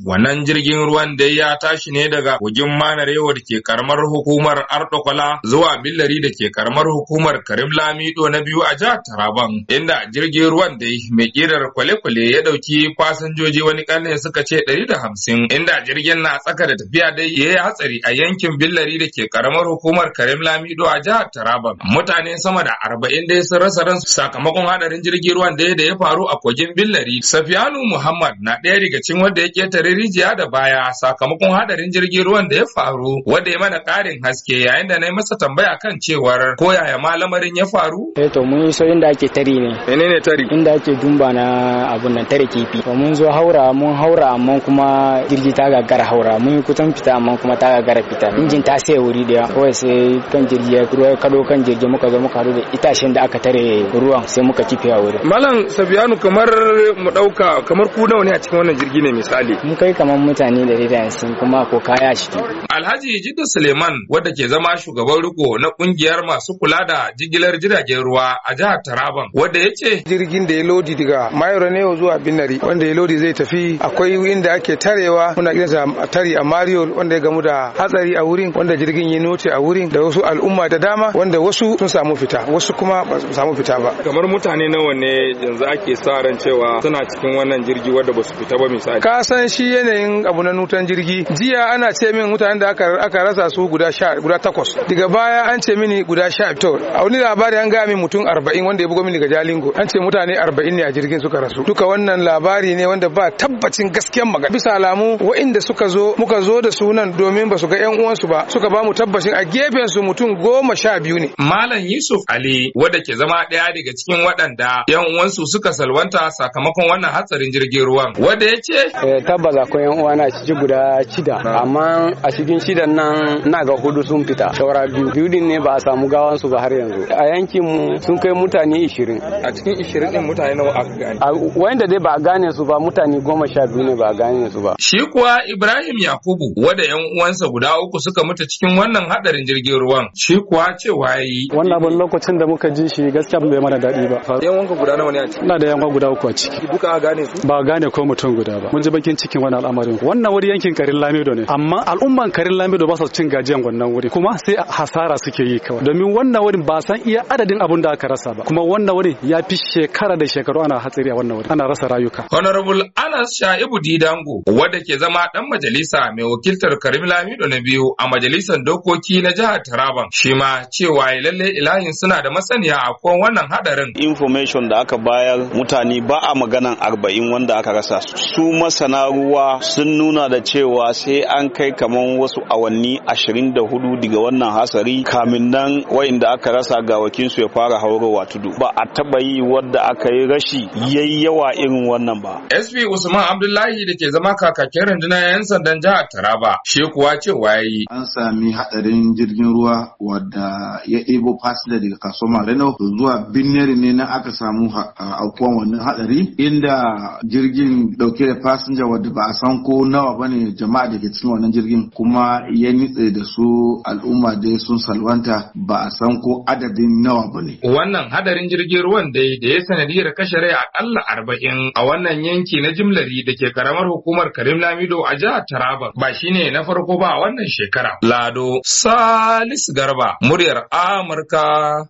Wannan jirgin ruwan dai ya tashi ne daga kogin Manarewa da ke karamar hukumar Ardokola zuwa Billari da ke karamar hukumar Karim Lamido na biyu a jihar Taraban, inda jirgin ruwan dai mai ƙirar kwale-kwale ya ɗauki fasinjoji wani kalle suka ce ɗari da hamsin. inda jirgin na tsaka da tafiya dai ya yi hatsari a yankin Billari da ke karamar hukumar Karim Lamido a jihar Taraban. Mutane sama da arba'in dai sun rasa ransu sakamakon hadarin jirgin ruwan dai da ya faru a kogin Billari. Safiyanu Muhammad na ɗaya daga cikin wanda ya ketare hadarin rijiya da baya sakamakon hadarin jirgin ruwan da ya faru wanda ya mana karin haske yayin da na yi masa tambaya kan cewar ko yaya ma lamarin ya faru. Eh to mun so inda ake tari ne. Mene ne tari? Inda ake dumba na abun nan tare kifi. To mun zo haura mun haura amma kuma jirgi ta gagara haura mun yi kusan fita amma kuma ta gagara fita. Injin ta sai wuri da kawai sai kan jirgi ruwa kado kan jirgi muka zo muka haɗu da itacen da aka tare ruwan sai muka kife a wuri. Malam Sabiyanu kamar mu ɗauka kamar ku nawa ne a cikin wannan jirgi ne misali. mun kai kamar mutane da da sun kuma ko kaya shi ke. Alhaji Jidda Suleiman wadda ke zama shugaban riko na kungiyar masu kula da jigilar jiragen ruwa a jihar Taraban wadda ya ce. Jirgin da ya lodi daga Mayoro Neo zuwa Binnari wanda ya lodi zai tafi akwai inda ake tarewa muna kiransa tari a Mario wanda ya gamu da hatsari a wurin wanda jirgin ya noce a wurin da wasu al'umma da dama wanda wasu sun samu fita wasu kuma ba su samu fita ba. Kamar mutane nawa ne yanzu ake sa ran cewa suna cikin wannan jirgi wanda ba su fita ba misali. Ka san shi shi yanayin abu na nutan jirgi jiya ana ce min mutanen da aka rasa su guda sha guda takwas daga baya an ce mini guda sha to a wani labari an gaya min mutum arba'in wanda ya bugo mini gaja jalingo an ce mutane arba'in ne a jirgin suka rasu duka wannan labari ne wanda ba tabbacin gaskiyan magana bisa alamu wa'inda suka zo muka zo da sunan domin ba su ga yan uwansu ba suka ba mu tabbacin a gefen su mutum goma sha biyu ne malam yusuf ali wanda ke zama ɗaya daga cikin waɗanda yan uwansu suka salwanta sakamakon wannan hatsarin jirgin ruwan wanda ya ce eh, tabbas yan uwana a ci guda shida amma a cikin shidan nan na ga hudu sun fita saura biyu biyu din ne ba a samu gawan su ba har yanzu a yankin mu sun kai mutane 20 a cikin 20 din mutane nawa aka gane wanda dai ba a gane su ba mutane goma sha biyu ne ba a gane su ba shi kuwa Ibrahim Yakubu wanda yan uwansa guda uku suka mutu cikin wannan hadarin jirgin ruwan shi kuwa cewa yi wannan abin lokacin da muka ji shi gaskiya bai mana daɗi ba yan wanka guda nawa ne a ciki ina da yan guda uku a ciki duka a gane su ba gane ko mutum guda ba mun ji bakin cikin wani al'amarin wannan wuri yankin karin lamido ne amma al'umman karin lamido ba su cin gajiyan wannan wuri kuma sai hasara suke yi kawai domin wannan wurin ba san iya adadin abin da aka rasa ba kuma wannan wurin ya fi shekara da shekaru ana hatsari a wannan wuri ana rasa rayuka honorable anas sha'ibu didango wanda ke zama dan majalisa mai wakiltar karim lamido na biyu a majalisar dokoki na jihar taraban shi ma cewa lalle ilahin suna da masaniya a kan wannan hadarin information da aka bayar mutane ba a maganan arba'in wanda aka rasa su masana ruwa abubuwa sun nuna da cewa sai an kai kamar wasu awanni 24 daga wannan hasari kamin nan da aka rasa ga su ya fara haurowa tudu ba a taba yi wadda aka yi rashi yayi yawa irin wannan ba SP Usman Abdullahi da ke zama kakakin rundunar 'yan sandan jihar Taraba shi kuwa cewa yayi an sami hadarin jirgin ruwa wadda ya ebo fasila daga kasuwar Marino zuwa binne ne na aka samu aukuwan wannan hadari inda jirgin dauke da fasinja wadda ba ba a san ko nawa bane jama'a da ke cikin wannan jirgin kuma ya nitse da su al'umma dai sun salwanta ba a san ko adadin nawa bane wannan hadarin jirgin ruwan dai da ya sanadiyar kashe rai a akalla arba'in a wannan yanki na jimlari da ke karamar hukumar karim lamido a jihar taraba ba shine na farko ba wannan shekara lado salis garba muryar amurka